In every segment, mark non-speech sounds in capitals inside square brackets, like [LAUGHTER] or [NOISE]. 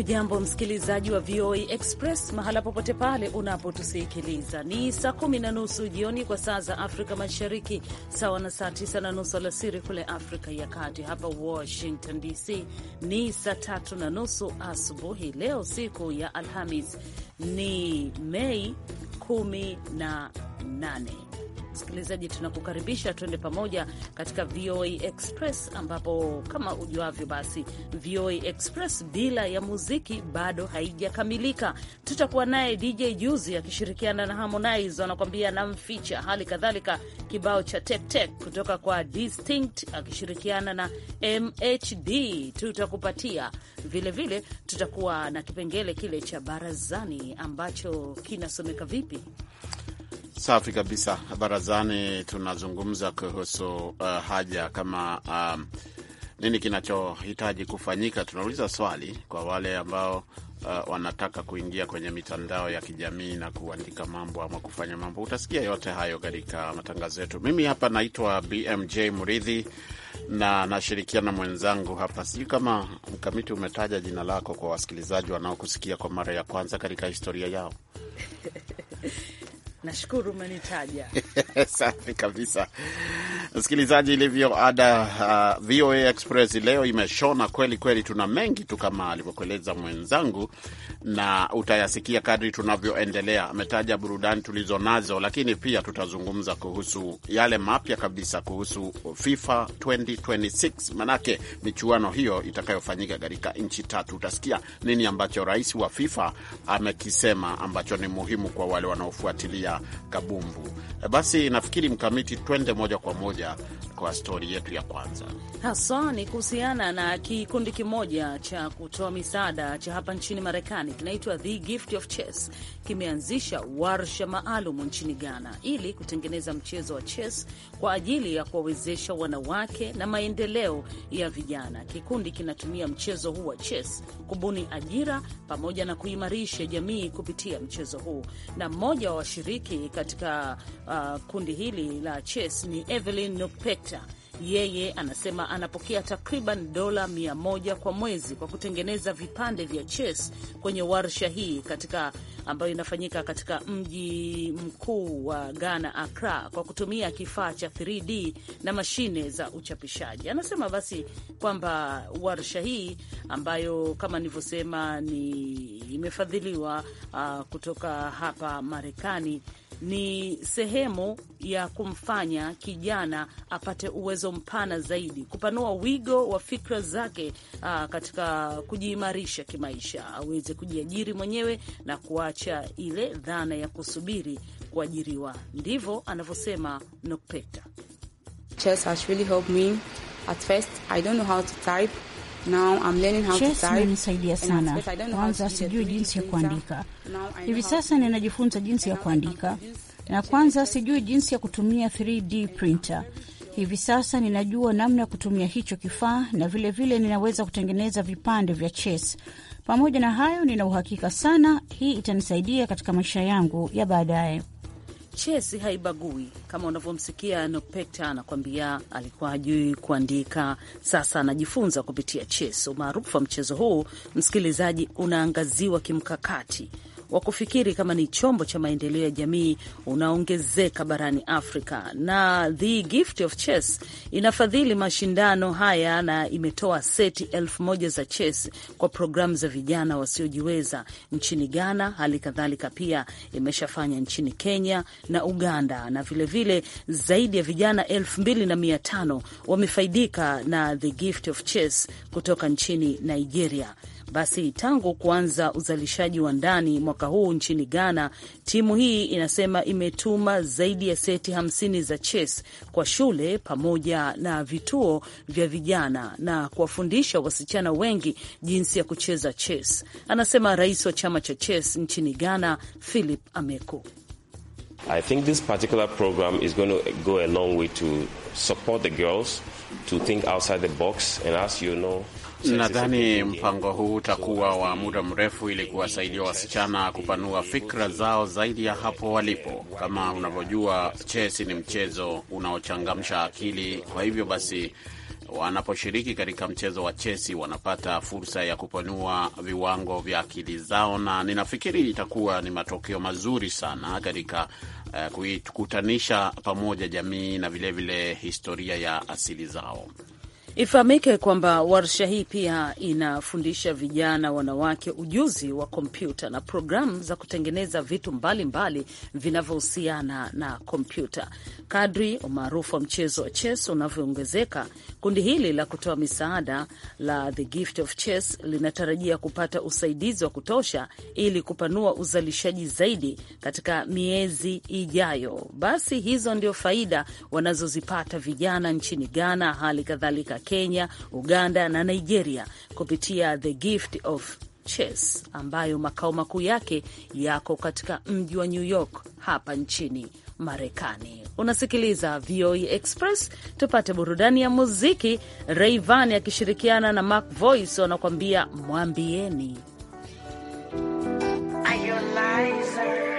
Hujambo msikilizaji wa VOA Express mahala popote pale unapotusikiliza, ni saa kumi na nusu jioni kwa saa za Afrika Mashariki, sawa na saa tisa na nusu alasiri kule Afrika ya Kati. Hapa Washington DC ni saa tatu na nusu asubuhi. Leo siku ya Alhamis ni Mei kumi na nane Msikilizaji, tunakukaribisha tuende pamoja katika VOA Express, ambapo kama ujuavyo, basi VOA Express bila ya muziki bado haijakamilika. Tutakuwa naye DJ Juzi akishirikiana na Harmonize wanakuambia namficha, hali kadhalika kibao cha Tektek kutoka kwa Distinct akishirikiana na MHD tutakupatia vilevile. Tutakuwa na kipengele kile cha barazani ambacho kinasomeka vipi Safi kabisa. Barazani tunazungumza kuhusu uh, haja kama um, nini kinachohitaji kufanyika. Tunauliza swali kwa wale ambao uh, wanataka kuingia kwenye mitandao ya kijamii na kuandika mambo ama kufanya mambo. Utasikia yote hayo katika matangazo yetu. Mimi hapa naitwa BMJ Muridhi na nashirikiana mwenzangu hapa. Sijui kama Mkamiti umetaja jina lako kwa wasikilizaji wanaokusikia kwa mara ya kwanza katika historia yao [LAUGHS] Nashukuru umenitaja [LAUGHS] safi kabisa, msikilizaji. Ilivyo ada, uh, VOA Express leo imeshona kweli kweli. Tuna mengi tu kama alivyokueleza mwenzangu, na utayasikia kadri tunavyoendelea. Ametaja burudani tulizo nazo, lakini pia tutazungumza kuhusu yale mapya kabisa kuhusu FIFA 2026 manake michuano hiyo itakayofanyika katika nchi tatu. Utasikia nini ambacho rais wa FIFA amekisema ambacho ni muhimu kwa wale wanaofuatilia ya kabumbu. Eh, basi nafikiri Mkamiti, twende moja kwa moja kwa stori yetu ya kwanza, haswa ni kuhusiana na kikundi kimoja cha kutoa misaada cha hapa nchini Marekani kinaitwa The Gift of Chess. Kimeanzisha warsha maalum nchini Ghana ili kutengeneza mchezo wa chess kwa ajili ya kuwawezesha wanawake na maendeleo ya vijana. Kikundi kinatumia mchezo huu wa chess kubuni ajira pamoja na kuimarisha jamii kupitia mchezo huu, na mmoja wa washiriki katika uh, kundi hili la chess ni Evelyn Nupeta yeye anasema anapokea takriban dola mia moja kwa mwezi kwa kutengeneza vipande vya chess kwenye warsha hii katika ambayo inafanyika katika mji mkuu wa Ghana, Accra, kwa kutumia kifaa cha 3D na mashine za uchapishaji. Anasema basi kwamba warsha hii ambayo kama nilivyosema ni imefadhiliwa uh, kutoka hapa Marekani ni sehemu ya kumfanya kijana apate uwezo mpana zaidi, kupanua wigo wa fikra zake aa, uh, katika kujiimarisha kimaisha, aweze kujiajiri mwenyewe na kuacha ile dhana ya kusubiri kuajiriwa. Ndivyo anavyosema Nokpeta. Chess has really helped me. At first, I don't know how to type. Chess imenisaidia sana. Kwanza sijui jinsi ya kuandika, hivi sasa ninajifunza jinsi ya kuandika, oh, na kwanza sijui jinsi ya kutumia 3D printer hivi sasa ninajua namna ya kutumia hicho kifaa na vilevile vile ninaweza kutengeneza vipande vya chess. Pamoja na hayo, nina uhakika sana hii itanisaidia katika maisha yangu ya baadaye. Chesi haibagui kama unavyomsikia Nopekta anakwambia alikuwa hajui kuandika, sasa anajifunza kupitia chesi. Umaarufu wa mchezo huu, msikilizaji, unaangaziwa kimkakati wa kufikiri kama ni chombo cha maendeleo ya jamii unaongezeka barani Afrika, na The Gift of Chess inafadhili mashindano haya na imetoa seti elfu moja za chess kwa programu za vijana wasiojiweza nchini Ghana. Hali kadhalika pia imeshafanya nchini Kenya na Uganda, na vilevile vile zaidi ya vijana elfu mbili na mia tano wamefaidika na The Gift of Chess kutoka nchini Nigeria. Basi tangu kuanza uzalishaji wa ndani mwaka huu nchini Ghana, timu hii inasema imetuma zaidi ya seti 50 za chess kwa shule pamoja na vituo vya vijana na kuwafundisha wasichana wengi jinsi ya kucheza chess, anasema rais wa chama cha chess nchini Ghana, Philip Ameko. I think this particular program is going to go a long way to support the girls to think outside the box and as you know Nadhani mpango huu utakuwa wa muda mrefu ili kuwasaidia wasichana kupanua fikra zao zaidi ya hapo walipo. Kama unavyojua, chesi ni mchezo unaochangamsha akili. Kwa hivyo basi, wanaposhiriki katika mchezo wa chesi wanapata fursa ya kupanua viwango vya akili zao, na ninafikiri itakuwa ni matokeo mazuri sana katika uh, kuikutanisha pamoja jamii na vilevile vile historia ya asili zao. Ifahamike kwamba warsha hii pia inafundisha vijana wanawake ujuzi wa kompyuta na programu za kutengeneza vitu mbalimbali vinavyohusiana na kompyuta. Kadri umaarufu wa mchezo wa chess unavyoongezeka, kundi hili la kutoa misaada la The Gift of Chess linatarajia kupata usaidizi wa kutosha ili kupanua uzalishaji zaidi katika miezi ijayo. Basi hizo ndio faida wanazozipata vijana nchini Ghana, hali kadhalika Kenya, Uganda na Nigeria kupitia The Gift of Chess ambayo makao makuu yake yako katika mji wa New York hapa nchini Marekani. Unasikiliza VOA e Express, tupate burudani ya muziki. Rayvanny akishirikiana na Mac Voice wanakuambia mwambieni Ayolizer.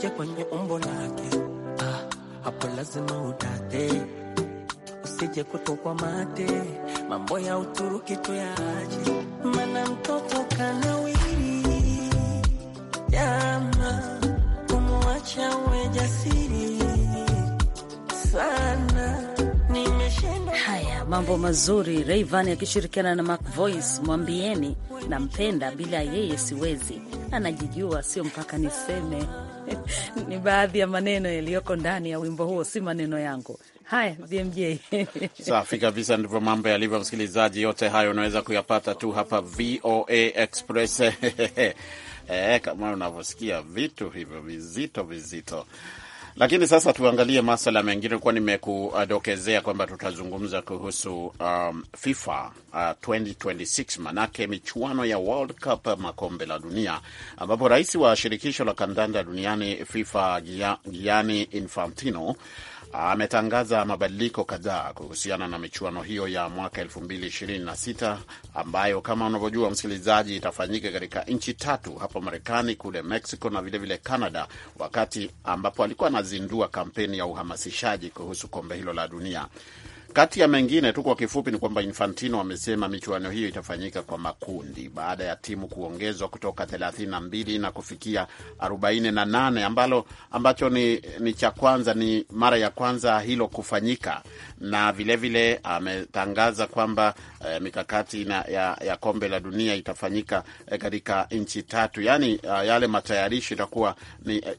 Nije kwenye umbo lake, ah, hapo lazima udate, usije kutokwa mate, mambo ya Uturuki tuyaje, mana mtoto kanawiri jama, kumwacha we jasiri sana mambo mazuri. Rayvan akishirikiana na Mac Voice, mwambieni nampenda, bila yeye siwezi, anajijua, sio mpaka niseme. [LAUGHS] Ni baadhi ya maneno yaliyoko ndani ya wimbo huo, si maneno yangu. Haya, BMJ. [LAUGHS] Safi kabisa, ndivyo mambo yalivyo, msikilizaji. Yote hayo unaweza kuyapata tu hapa VOA Express. [LAUGHS] E, kama unavyosikia vitu hivyo vizito vizito lakini sasa tuangalie masala mengine. Kuwa nimekudokezea kwamba tutazungumza kuhusu um, FIFA uh, 2026 manake michuano ya World Cup, makombe la dunia, ambapo rais wa shirikisho la kandanda duniani FIFA Gianni Infantino ametangaza mabadiliko kadhaa kuhusiana na michuano hiyo ya mwaka 2026 ambayo kama unavyojua msikilizaji, itafanyika katika nchi tatu hapa Marekani, kule Mexico na vilevile vile Canada, wakati ambapo alikuwa anazindua kampeni ya uhamasishaji kuhusu kombe hilo la dunia. Kati ya mengine tu kwa kifupi ni kwamba Infantino amesema michuano hiyo itafanyika kwa makundi baada ya timu kuongezwa kutoka 32 na kufikia 48 ambalo ambacho ni, ni cha kwanza, ni mara ya kwanza hilo kufanyika, na vilevile vile, ametangaza kwamba eh, mikakati na, ya, ya kombe la dunia itafanyika eh, katika nchi tatu, yaani uh, yale matayarishi itakuwa ni eh,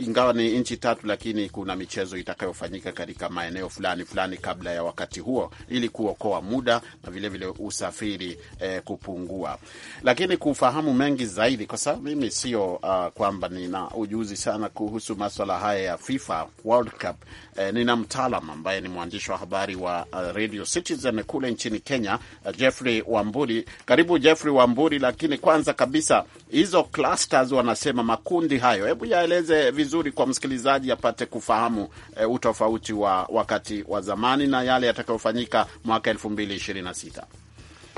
ingawa ni nchi tatu, lakini kuna michezo itakayofanyika katika maeneo fulani fulani kabla ya wakati huo, ili kuokoa muda na vilevile vile usafiri eh, kupungua. Lakini kufahamu mengi zaidi, kwa sababu mimi sio uh, kwamba nina ujuzi sana kuhusu maswala haya ya FIFA World Cup eh, nina mtaalam ambaye ni mwandishi wa habari wa uh, Radio Citizen kule nchini Kenya, uh, Jeffrey Wamburi. Karibu Jeffrey Wamburi, lakini kwanza kabisa hizo clusters wanasema makundi hayo, hebu yaeleze tueleze vizuri kwa msikilizaji apate kufahamu e, utofauti wa wakati wa zamani na yale yatakayofanyika mwaka elfu mbili ishirini na sita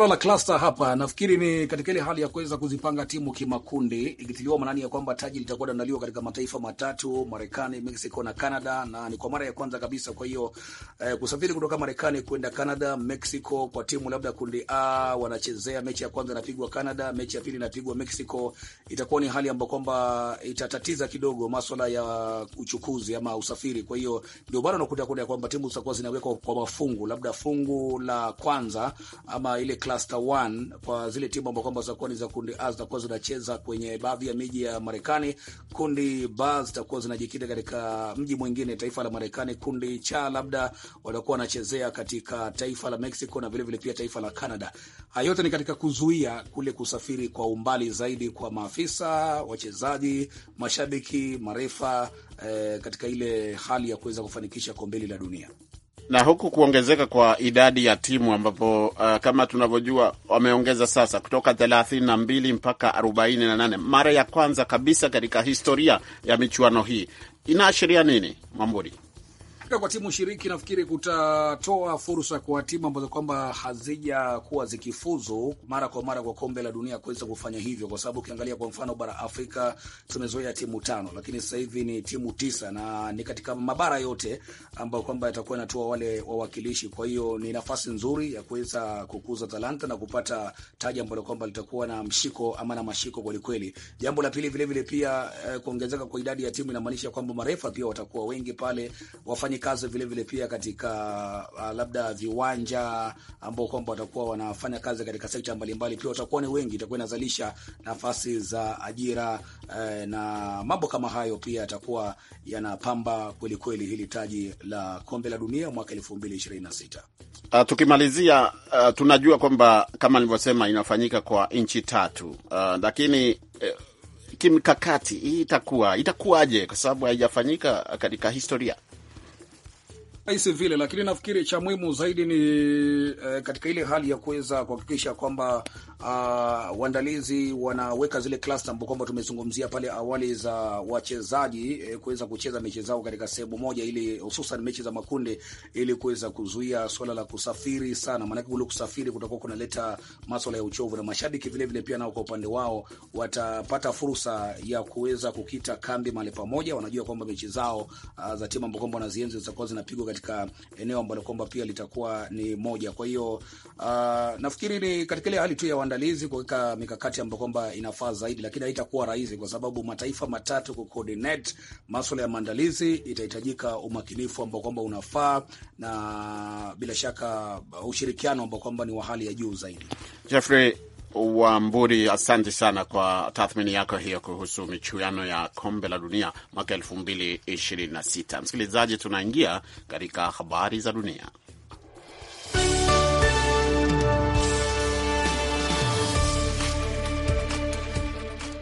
la cluster hapa nafikiri ni katika ile hali ya kuweza kuzipanga timu kimakundi, ikitiliwa maanani ya kwamba taji litakuwa dandaliwa katika mataifa matatu, Marekani, Mexico na Canada, na ni kwa mara ya kwanza kabisa. Kwa hiyo eh, kusafiri kutoka Marekani kwenda Canada, Mexico kwa timu labda kundi A wanachezea mechi ya kwanza inapigwa Canada, mechi ya pili inapigwa Mexico, itakuwa ni hali ambayo kwamba itatatiza kidogo masuala ya uchukuzi ama usafiri. Kwa hiyo ndio bado nakuta kwamba timu zitakuwa zinawekwa kwa mafungu, labda fungu la kwanza ama ile cluster 1 kwa zile timu ambazo kwamba zitakuwa ni za kundi A zitakuwa zinacheza kwenye baadhi ya miji ya Marekani. Kundi B zitakuwa zinajikita katika mji mwingine, taifa la Marekani. Kundi C labda watakuwa wanachezea katika taifa la Mexico na vilevile vile pia taifa la Canada. Hayo yote ni katika kuzuia kule kusafiri kwa umbali zaidi kwa maafisa, wachezaji, mashabiki, marefa eh, katika ile hali ya kuweza kufanikisha kombe la dunia na huku kuongezeka kwa idadi ya timu ambapo uh, kama tunavyojua wameongeza sasa kutoka thelathini na mbili mpaka arobaini na nane mara ya kwanza kabisa katika historia ya michuano hii. Inaashiria nini, Mwamburi? Kufika kwa timu shiriki nafikiri kutatoa fursa kwa timu ambazo kwamba hazija kuwa zikifuzu mara kwa mara kwa kombe la dunia kuweza kufanya hivyo, kwa sababu ukiangalia kwa mfano bara Afrika tumezoea timu tano, lakini sasa hivi ni timu tisa na ni katika mabara yote ambayo kwamba yatakuwa yanatoa wale wawakilishi. Kwa hiyo ni nafasi nzuri ya kuweza kukuza talanta na kupata taji ambalo kwamba litakuwa na mshiko ama na mashiko kweli kweli. Jambo la pili vilevile, pia eh, kuongezeka kwa idadi ya timu inamaanisha kwamba marefa pia watakuwa wengi pale wafanye mikazo vile vile pia katika uh, labda viwanja ambao kwamba watakuwa wanafanya kazi katika sekta mbalimbali, pia watakuwa ni wengi, itakuwa inazalisha nafasi za ajira eh, na mambo kama hayo pia yatakuwa yanapamba kweli kweli hili taji la kombe la dunia mwaka 2026. Uh, ah, tukimalizia, uh, tunajua kwamba kama nilivyosema inafanyika kwa nchi tatu, uh, lakini eh, kimkakati hii itakuwa itakuwaje? Kwa sababu haijafanyika katika historia rahisi vile, lakini nafikiri cha muhimu zaidi ni eh, katika ile hali ya kuweza kuhakikisha kwamba uh, waandalizi wanaweka zile klasta ambapo kwamba tumezungumzia pale awali za wachezaji eh, kuweza kucheza mechi zao katika sehemu moja, ili hususan mechi za makundi, ili kuweza kuzuia swala la kusafiri sana, maanake kule kusafiri kutakuwa kunaleta maswala ya uchovu, na mashabiki vile vile pia nao kwa upande wao watapata fursa ya kuweza kukita kambi mahali pamoja. Wanajua kwamba mechi zao uh, za timu ambapo kwamba wanazienzi zitakuwa zinapigwa katika eneo ambalo kwamba pia litakuwa ni moja. Kwa hiyo uh, nafikiri ni katika ile hali tu ya waandalizi kuweka mikakati ambayo kwamba inafaa zaidi, lakini haitakuwa rahisi kwa sababu mataifa matatu coordinate masuala ya maandalizi, itahitajika umakinifu ambao kwamba unafaa na bila shaka ushirikiano ambao kwamba ni wa hali ya juu zaidi. Jeffrey Wamburi, asante sana kwa tathmini yako hiyo kuhusu michuano ya kombe la dunia mwaka elfu mbili ishirini na sita. Msikilizaji, tunaingia katika habari za dunia.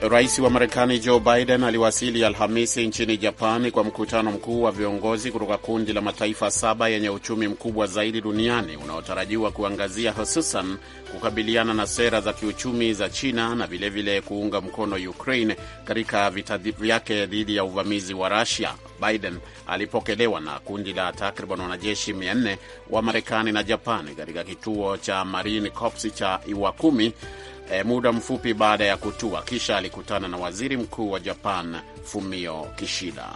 Rais wa Marekani Joe Biden aliwasili Alhamisi nchini Japani kwa mkutano mkuu wa viongozi kutoka kundi la mataifa saba yenye uchumi mkubwa zaidi duniani unaotarajiwa kuangazia hususan kukabiliana na sera za kiuchumi za China na vilevile vile kuunga mkono Ukraine katika vita vyake dhidi ya uvamizi wa Rusia. Biden alipokelewa na kundi la takriban wanajeshi 400 wa Marekani na Japani katika kituo cha Marine Corps cha Iwakuni e, muda mfupi baada ya kutua, kisha alikutana na waziri mkuu wa Japan Fumio Kishida.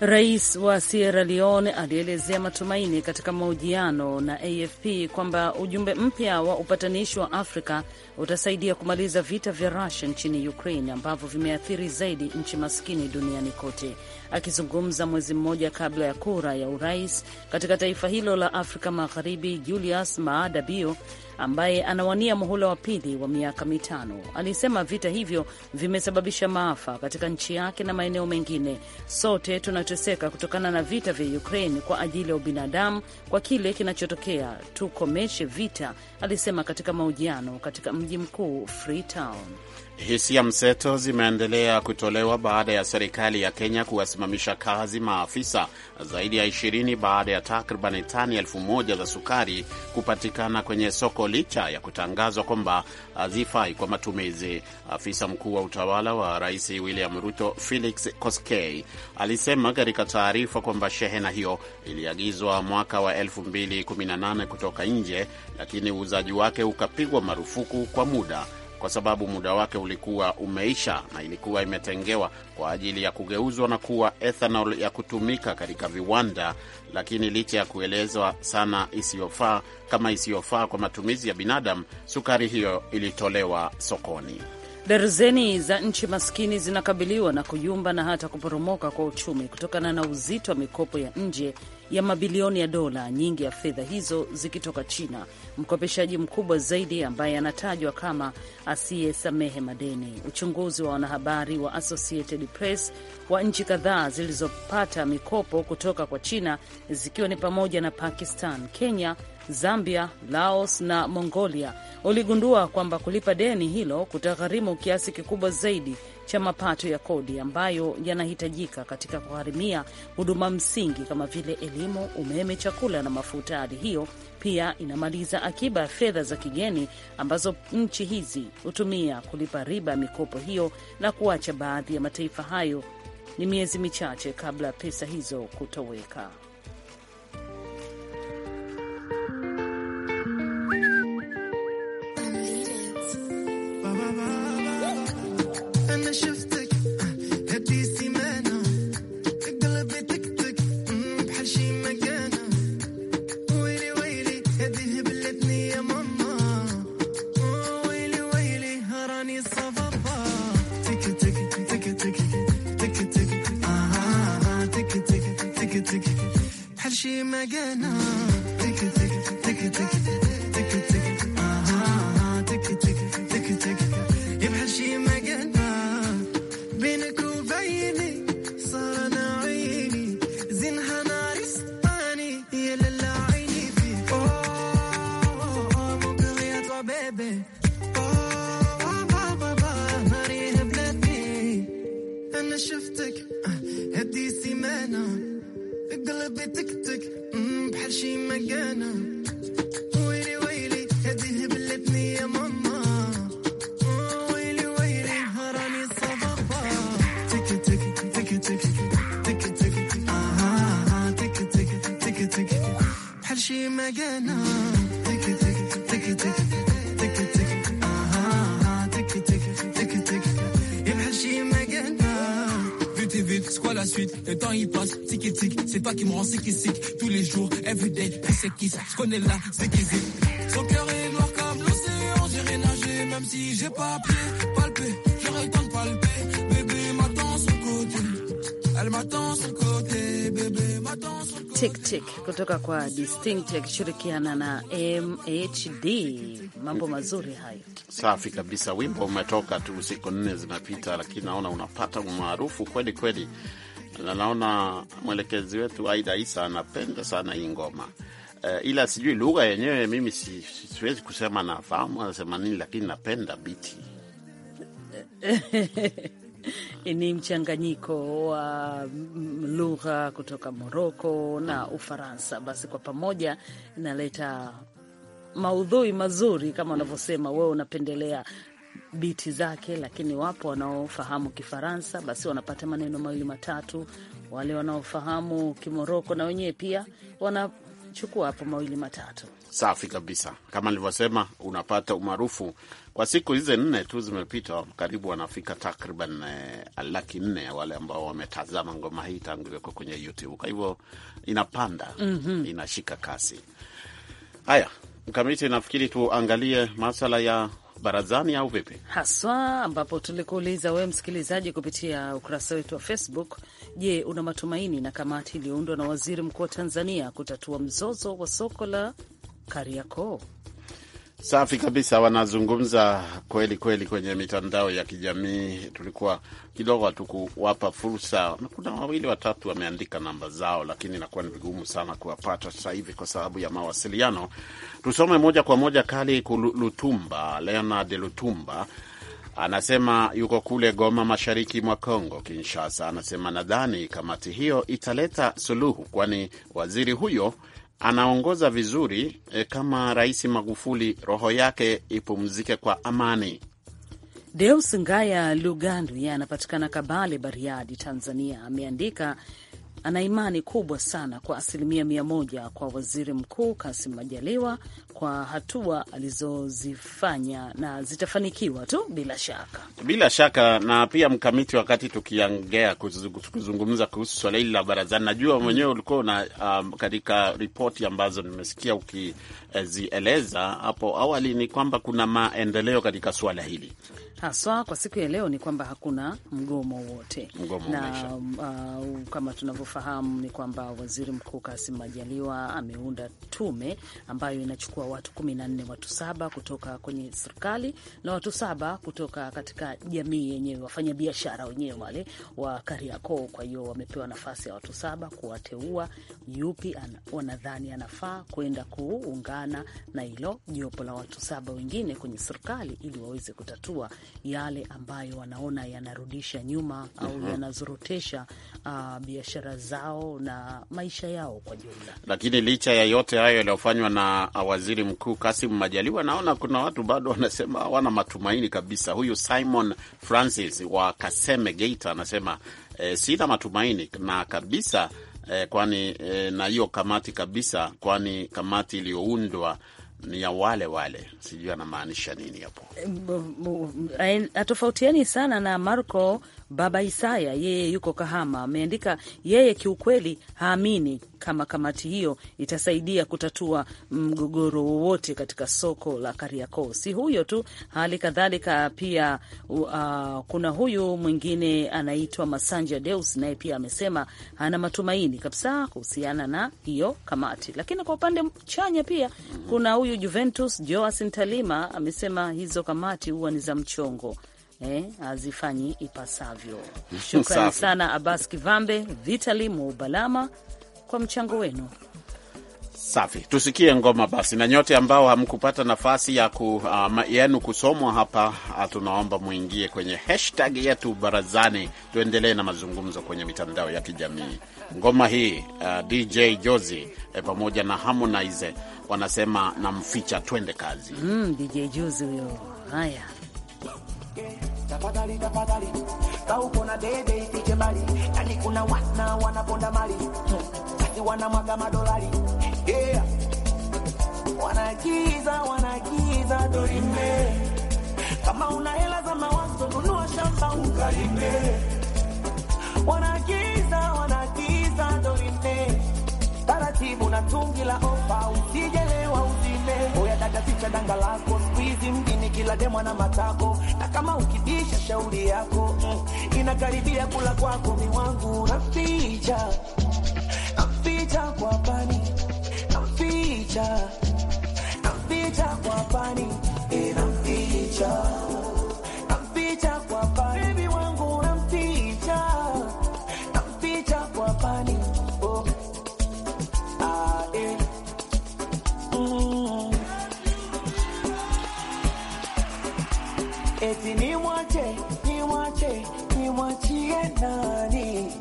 Rais wa Sierra Leone alielezea matumaini katika mahojiano na AFP kwamba ujumbe mpya wa upatanishi wa Afrika utasaidia kumaliza vita vya Rusia nchini Ukraine ambavyo vimeathiri zaidi nchi maskini duniani kote. Akizungumza mwezi mmoja kabla ya kura ya urais katika taifa hilo la Afrika Magharibi, Julius Maada Bio ambaye anawania muhula wa pili wa miaka mitano, alisema vita hivyo vimesababisha maafa katika nchi yake na maeneo mengine. Sote tunateseka kutokana na vita vya Ukraine kwa ajili ya ubinadamu, kwa kile kinachotokea. Tukomeshe vita, alisema katika mahojiano katika mji mkuu Freetown. Hisia mseto zimeendelea kutolewa baada ya serikali ya Kenya kuwasimamisha kazi maafisa zaidi ya 20 baada ya takribani tani elfu moja za sukari kupatikana kwenye soko licha ya kutangazwa kwamba hazifai kwa matumizi. Afisa mkuu wa utawala wa Rais William Ruto, Felix Koskei, alisema katika taarifa kwamba shehena hiyo iliagizwa mwaka wa 2018 kutoka nje, lakini uuzaji wake ukapigwa marufuku kwa muda kwa sababu muda wake ulikuwa umeisha na ilikuwa imetengewa kwa ajili ya kugeuzwa na kuwa ethanol ya kutumika katika viwanda, lakini licha ya kuelezwa sana isiyofaa kama isiyofaa kwa matumizi ya binadamu, sukari hiyo ilitolewa sokoni. Darzeni za nchi maskini zinakabiliwa na kuyumba na hata kuporomoka kwa uchumi kutokana na uzito wa mikopo ya nje ya mabilioni ya dola, nyingi ya fedha hizo zikitoka China, mkopeshaji mkubwa zaidi ambaye anatajwa kama asiyesamehe madeni. Uchunguzi wa wanahabari wa Associated Press wa nchi kadhaa zilizopata mikopo kutoka kwa China zikiwa ni pamoja na Pakistan, Kenya Zambia, Laos na Mongolia uligundua kwamba kulipa deni hilo kutagharimu kiasi kikubwa zaidi cha mapato ya kodi ambayo yanahitajika katika kugharimia huduma msingi kama vile elimu, umeme, chakula na mafuta. Hali hiyo pia inamaliza akiba ya fedha za kigeni ambazo nchi hizi hutumia kulipa riba ya mikopo hiyo na kuacha baadhi ya mataifa hayo ni miezi michache kabla ya pesa hizo kutoweka. again. شفتك آه، هدي سيمانه قلبي تكتك بحال شي مكانه ويلي ويلي هدي هبلتني يا ماما ويلي ويلي هراني صبابة تك تك تك تك تك تك آه، آه، تك تك تك تك بحال شي مكانه suite, le temps il passe, tic et tic, c'est toi qui me rends sick et sick, tous les jours, everyday, qui c'est qui, je connais la zékizik. Son cœur est noir comme l'océan, j'irai nager, même si j'ai pas pied, palpé, j'aurais temps de palper, bébé m'attend sur côté, elle m'attend sur côté, bébé m'attend sur côté. Tic tic, kutoka kwa Distinct akishirikiana na MHD, mambo mazuri hayo. Safi kabisa, wimbo umetoka tu siku nne zimepita lakini naona unapata umaarufu kweli kweli na naona mwelekezi wetu Aida Isa anapenda sana hii ngoma uh, ila sijui lugha yenyewe mimi si, siwezi kusema nafahamu anasema nini, lakini napenda biti [LAUGHS] ni mchanganyiko wa lugha kutoka Moroko na mm. Ufaransa. Basi kwa pamoja inaleta maudhui mazuri kama unavyosema wewe, unapendelea biti zake, lakini wapo wanaofahamu Kifaransa basi wanapata maneno mawili matatu, wale wanaofahamu Kimoroko na wenyewe pia wanachukua hapo mawili matatu. Safi kabisa, kama nilivyosema, unapata umaarufu kwa siku hizi nne tu zimepita, karibu wanafika takriban eh, laki nne wale ambao wametazama ngoma hii tangu iliyoko kwenye YouTube. Kwa hivyo inapanda, mm -hmm. inashika kasi. Haya, Mkamiti, nafikiri tuangalie maswala ya barazani au vipi haswa, ambapo tulikuuliza wewe msikilizaji kupitia ukurasa wetu wa Facebook. Je, una matumaini na kamati iliyoundwa na waziri mkuu wa Tanzania kutatua mzozo wa soko la Kariakoo? Safi kabisa, wanazungumza kweli kweli kwenye mitandao ya kijamii. Tulikuwa kidogo hatukuwapa fursa, kuna wawili watatu wameandika namba zao, lakini inakuwa ni vigumu sana kuwapata sasa hivi kwa sababu ya mawasiliano. Tusome moja kwa moja. Kali Lutumba, Leonard Lutumba anasema yuko kule Goma, mashariki mwa congo Kinshasa. Anasema nadhani kamati hiyo italeta suluhu, kwani waziri huyo anaongoza vizuri e, kama Rais Magufuli, roho yake ipumzike kwa amani. Deus Ngaya Lugandu, yeye anapatikana Kabale, Bariadi, Tanzania, ameandika ana imani kubwa sana kwa asilimia mia moja kwa waziri mkuu Kasim Majaliwa kwa hatua alizozifanya na zitafanikiwa tu bila shaka, bila shaka. Na pia mkamiti, wakati tukiongea kuzungumza kuhusu swala hili la barazani, najua mm-hmm. mwenyewe ulikuwa na um, katika ripoti ambazo nimesikia ukizieleza hapo awali ni kwamba kuna maendeleo katika swala hili haswa kwa siku ya leo ni kwamba hakuna mgomo wote na uh, kama tunavyofahamu ni kwamba Waziri Mkuu Kassim Majaliwa ameunda tume ambayo inachukua watu kumi na nne, watu saba kutoka kwenye serikali na watu saba kutoka katika jamii yenyewe, wafanyabiashara wenyewe wale wa Kariakoo. Kwa hiyo wamepewa nafasi ya watu saba kuwateua yupi an, wanadhani anafaa kwenda kuungana na hilo jopo la watu saba wengine kwenye serikali ili waweze kutatua yale ambayo wanaona yanarudisha nyuma au mm -hmm. yanazorotesha uh, biashara zao na maisha yao kwa jumla. Lakini licha ya yote hayo yaliyofanywa na uh, waziri mkuu Kasim Majaliwa, naona kuna watu bado wanasema hawana matumaini kabisa. Huyu Simon Francis wa Kaseme Geita anasema eh, sina matumaini na kabisa eh, kwani eh, na hiyo kamati kabisa, kwani kamati iliyoundwa ni ya wale wale, sijui anamaanisha nini hapo. Hatofautiani eh, sana na Marco Baba Isaya yeye yuko Kahama ameandika yeye kiukweli haamini kama kamati hiyo itasaidia kutatua mgogoro wowote katika soko la Kariakoo. Si huyo tu, hali kadhalika pia uh, kuna huyu mwingine anaitwa Masanja Deus, naye pia amesema ana matumaini kabisa kuhusiana na hiyo kamati. Lakini kwa upande chanya pia kuna huyu Juventus Joasin Talima amesema hizo kamati huwa ni za mchongo eh, azifanyi ipasavyo. Shukrani sana Abbas Kivambe, Vitali Mubalama kwa mchango wenu. Safi, tusikie ngoma basi. Na nyote ambao hamkupata nafasi ya ku, um, yenu kusomwa hapa, uh, tunaomba mwingie kwenye hashtag yetu barazani, tuendelee na mazungumzo kwenye mitandao ya kijamii. Ngoma hii uh, DJ Jozi eh, pamoja na Harmonize wanasema namficha, twende kazi. Mm, DJ Jozi huyo. Haya tafadhali tafadhali, kaukona dede ifike mbali, yani kuna wana wanaponda mali ati yaani wanamwaga madolari yeah. Wanagiza wanagiza dorime, kama una hela za mawazo nunua shamba ukalime. Wanagiza wanagiza dorime, taratibu na tungi la ofa, usijelewa uzime. Oya dada, ficha danga lako kila demu na matako, na kama ukibisha shauri yako mm, inakaribia kula kwako. Mi wangu naficha, naficha kwa pani, naficha, naficha kwa pani, eh, naficha nani?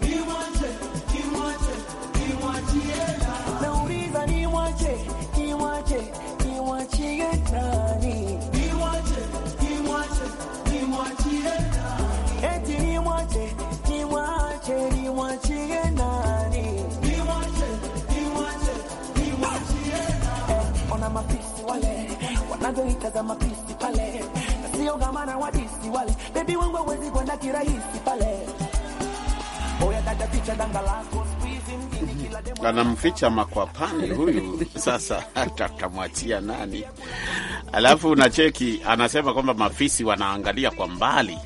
Niwache, niwache, pale. Sio kama wadisi wale. Baby wangu hawezi kwenda kirahisi pale anamficha makwapani huyu sasa, [LAUGHS] atamwachia nani? Alafu nacheki anasema kwamba mafisi wanaangalia kwa mbali [LAUGHS]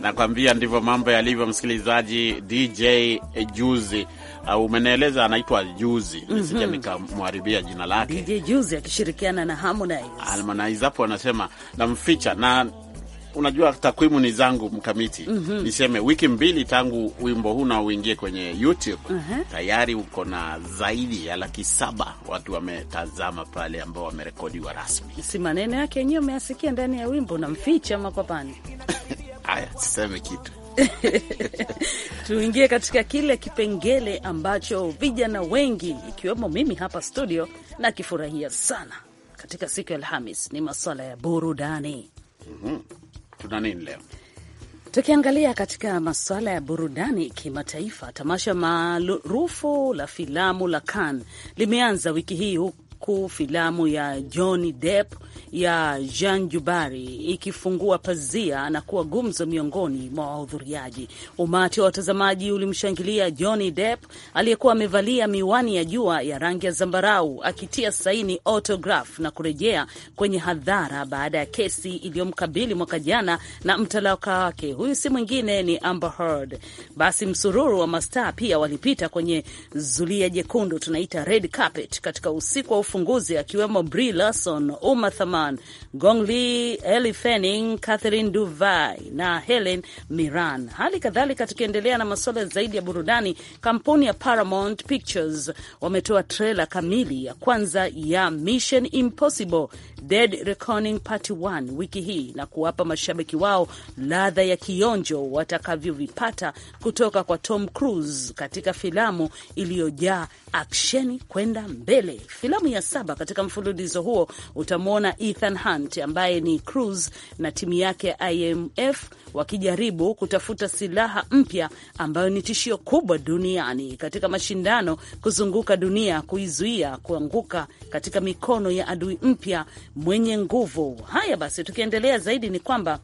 Nakwambia ndivyo mambo yalivyo, msikilizaji. DJ Juzi Uh, umenieleza anaitwa Juzi, mhm. nisije nikamharibia jina lake. DJ Juzi akishirikiana na Harmonize, Harmonize hapo anasema namficha na unajua takwimu ni zangu mkamiti. mm -hmm. Niseme wiki mbili tangu wimbo huu nauingie uingie kwenye YouTube mm -hmm. tayari uko na zaidi ya laki saba watu wametazama pale, ambao wamerekodiwa rasmi. Si maneno yake yenyewe umeyasikia ndani ya wimbo, namficha makwapani. [LAUGHS] Haya, siseme kitu [LAUGHS] tuingie katika kile kipengele ambacho vijana wengi ikiwemo mimi hapa studio nakifurahia sana katika siku ya Alhamis, ni masuala ya burudani. mm -hmm tuna nini leo? Tukiangalia katika masuala ya burudani kimataifa, tamasha maarufu la filamu la Cannes limeanza wiki hii Usiku, filamu ya Johnny Depp ya Jean Jubari ikifungua pazia na kuwa gumzo miongoni mwa wahudhuriaji. Umati wa watazamaji ulimshangilia Johnny Depp aliyekuwa amevalia miwani ya jua ya rangi ya zambarau akitia saini autograph na kurejea kwenye hadhara baada ya kesi iliyomkabili mwaka jana na mtalaka wake. Huyu si mwingine ni Amber Heard. Basi msururu wa mastaa pia walipita kwenye zulia jekundu, tunaita red carpet, katika usiku wa ufunguzi akiwemo Brie Larson, Uma Thurman, Gong Li, Ellie Fanning, Catherine Duvai na Helen Mirren. Hali kadhalika, tukiendelea na masuala zaidi ya burudani, kampuni ya Paramount Pictures wametoa trailer kamili ya kwanza ya Mission Impossible Dead Reckoning Part 1 wiki hii na kuwapa mashabiki wao ladha ya kionjo watakavyovipata kutoka kwa Tom Cruise katika filamu iliyojaa aksheni kwenda mbele. Filamu ya ya saba katika mfululizo huo utamwona Ethan Hunt ambaye ni Cruz na timu yake ya IMF wakijaribu kutafuta silaha mpya ambayo ni tishio kubwa duniani katika mashindano kuzunguka dunia kuizuia kuanguka katika mikono ya adui mpya mwenye nguvu. Haya basi, tukiendelea zaidi ni kwamba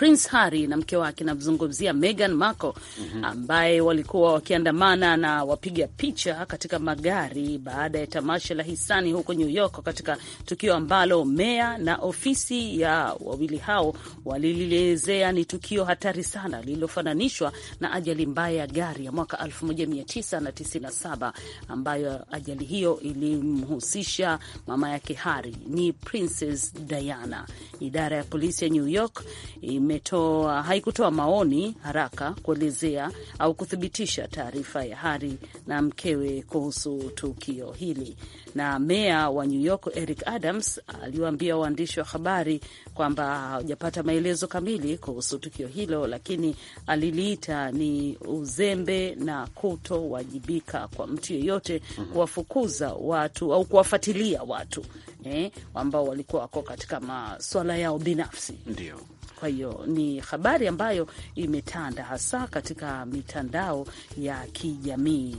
Prince Harry na mke wake, namzungumzia Meghan Markle mhm. ambaye walikuwa wakiandamana na wapiga picha katika magari baada ya tamasha la hisani huko New York, katika tukio ambalo meya na ofisi ya wawili hao walilielezea ni tukio hatari sana lililofananishwa na ajali mbaya ya gari ya mwaka 1997 ambayo ajali hiyo ilimhusisha mama yake Harry ni Princess Diana. Idara ya polisi ya New York im imetoa haikutoa maoni haraka kuelezea au kuthibitisha taarifa ya Hari na mkewe kuhusu tukio hili. Na meya wa New York Eric Adams aliwaambia waandishi wa habari kwamba hawajapata maelezo kamili kuhusu tukio hilo, lakini aliliita ni uzembe na kutowajibika kwa mtu yeyote kuwafukuza watu au kuwafuatilia watu eh, ambao walikuwa wako katika maswala yao binafsi. Ndio. Kwa hiyo ni habari ambayo imetanda hasa katika mitandao ya kijamii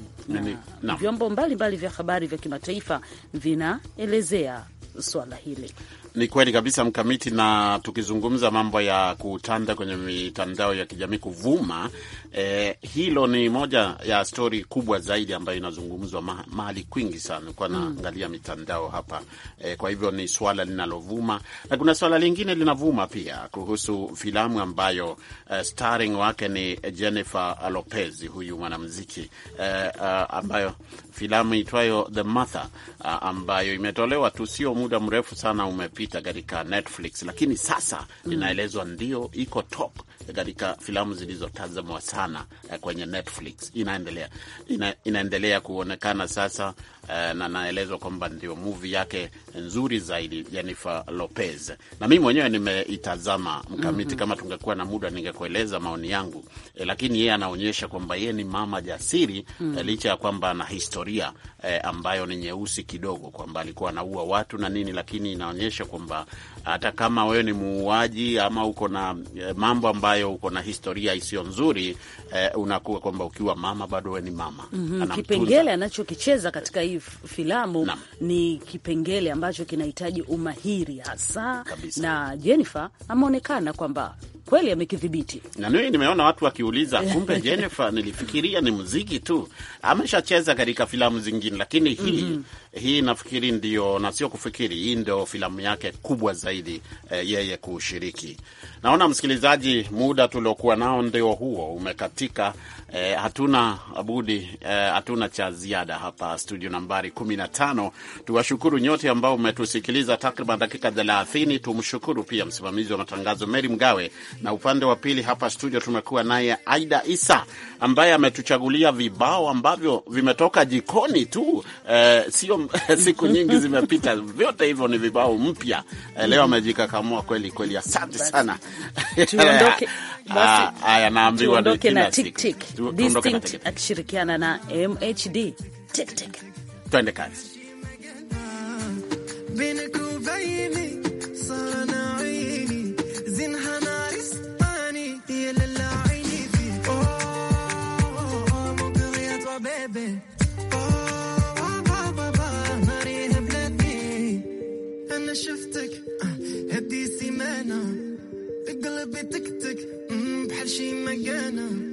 na vyombo mbalimbali vya habari vya kimataifa vinaelezea swala hili. Ni kweli kabisa Mkamiti, na tukizungumza mambo ya kutanda kwenye mitandao ya kijamii kuvuma, eh, hilo ni moja ya stori kubwa zaidi ambayo inazungumzwa mahali kwingi sana. Nilikuwa naangalia mm. mitandao hapa eh, kwa hivyo ni swala linalovuma, na kuna swala lingine linavuma pia kuhusu filamu ambayo eh, starring wake ni Jennifer Lopez, huyu mwanamziki eh, eh, ambayo filamu itwayo The Mother uh, ambayo imetolewa tu sio muda mrefu sana umepita katika Netflix, lakini sasa mm. inaelezwa ndio iko top katika filamu zilizotazamwa sana uh, kwenye Netflix. Inaendelea ina, inaendelea kuonekana sasa uh, na naelezwa kwamba ndio muvi yake nzuri zaidi Jennifer Lopez, na mimi mwenyewe nimeitazama mkamiti. mm -hmm. Kama tungekuwa na muda ningekueleza maoni yangu eh, lakini yeye anaonyesha kwamba yeye ni mama jasiri mm -hmm. licha ya kwamba ana historia historia eh, ambayo ni nyeusi kidogo, kwamba alikuwa anaua watu na nini, lakini inaonyesha kwamba hata kama wewe ni muuaji ama uko na eh, mambo ambayo uko na historia isiyo nzuri eh, unakuwa kwamba ukiwa mama bado wewe ni mama. mm -hmm. Kipengele anachokicheza katika hii filamu na ni kipengele ambacho kinahitaji umahiri hasa kabisa. Na Jennifer ameonekana kwamba kweli amekidhibiti, na nii, nimeona watu wakiuliza kumbe [LAUGHS] Jennifer nilifikiria ni muziki tu ameshacheza katika filamu zingine, lakini hii mm -hmm. hii nafikiri ndio, na sio kufikiri, hii ndio filamu yake kubwa zaidi eh, yeye kushiriki. Naona msikilizaji, muda tuliokuwa nao ndio huo umekatika. E, hatuna budi e, hatuna cha ziada hapa studio nambari 15. Tuwashukuru nyote ambao umetusikiliza takriban dakika 30. Tumshukuru pia msimamizi wa matangazo Mary Mgawe, na upande wa pili hapa studio tumekuwa naye Aida Isa ambaye ametuchagulia vibao ambavyo vimetoka jikoni tu e, sio [LAUGHS] siku nyingi zimepita, vyote hivyo ni vibao mpya e, leo amejikakamua kweli kweli, asante sana. Tuondoke [LAUGHS] ah, basi, haya naambiwa ndio tik tik Distinct akishirikiana na MHD tek tek, twende kazi. شفتك هدي سيمانة قلبي تكتك بحال شي مكانه